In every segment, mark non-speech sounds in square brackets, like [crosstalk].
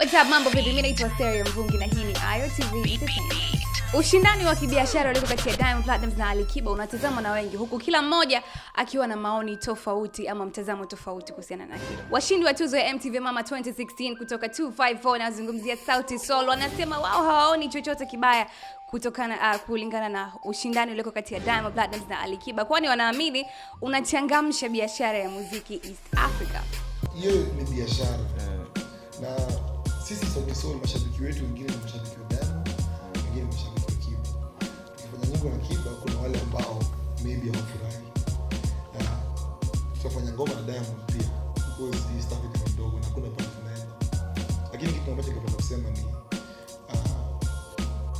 What's up mambo vipi? Mimi naitwa Serio Mvungi na hii ni Ayo TV. Ushindani wa kibiashara uliko kati ya Diamond Platnumz na Alikiba unatazamwa na wengi huku kila mmoja akiwa na maoni tofauti ama mtazamo tofauti kuhusiana na hilo. Washindi wa tuzo ya MTV Mama 2016 kutoka 254 na wazungumzia Sauti Sol wanasema wao hawaoni chochote kibaya kutokana uh, kulingana na ushindani ulioko kati ya Diamond Platnumz na Alikiba kwani wanaamini unachangamsha biashara ya muziki East Africa. Hiyo ni biashara. Eh. Na sisi Somiso ni mashabiki wetu, wengine ni mashabiki wa Diamond, wengine ni mashabiki wa Kiba. Tukifanya nyimbo ya Kiba, kuna wale ambao maybe hawafurahi, na tutafanya ngoma na Diamond pia, because hii stuff ni mdogo na kuna pale tunaenda, lakini kitu ambacho ningependa kusema ni ah,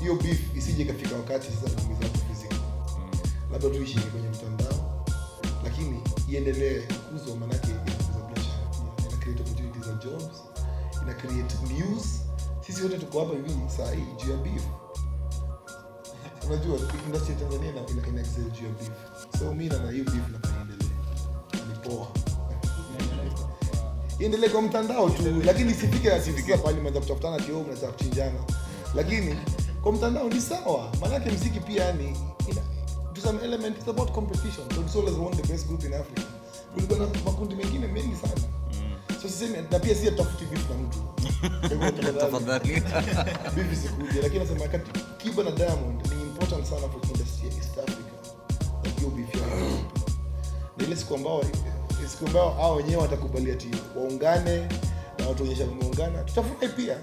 hiyo uh, beef isije ikafika wakati sasa tunaumiza watu fizika labda tuishi kwenye mtandao, lakini iendelee kuzwa maanake inakuza biashara, ina create opportunities za jobs na create news. Sisi wote tuko hapa hivi saa hii juu ya beef. Unajua industry ya Tanzania ina ina excel juu ya beef, so mimi na na hiyo beef na endelee ni poa, iendelee kwa mtandao tu, lakini sifike asifikia ni mwanza kutafutana kio oh, na za kuchinjana, lakini kwa mtandao ni sawa, maanake mziki pia yani to some element it's about competition, so it's always want the best group in Africa. Kulikuwa na makundi mengine mengi sana siseme na pia si tafuti vitu na mtu [laughs] tafadhali, bibi [laughs] sikuje, lakini nasema kati Kiba na Diamond ni important sana for industry ya East Africa na hiyo bifu ni ile siku ambao siku ambao hao wenyewe watakubalia timu waungane na watuonyesha wenye shamba tutafurahi pia.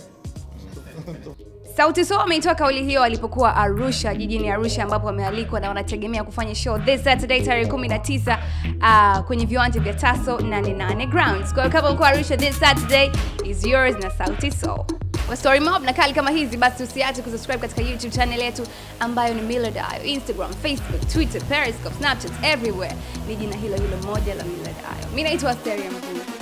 Sauti Sol ametoa kauli hiyo alipokuwa Arusha, jijini Arusha ambapo amealikwa na wanategemea kufanya show this Saturday tarehe 19 uh, kwenye viwanja vya Taso 88 Grounds. Kwa hiyo kama uko Arusha this Saturday is yours na Sauti Sol. Kwa story mob na kali kama hizi, basi usiache kusubscribe katika YouTube channel yetu ambayo ni Millard Ayo, Instagram, Facebook, Twitter, Periscope, Snapchat everywhere. Ni jina hilo hilo moja la Millard Ayo. Mimi naitwa Asteria Mkuu.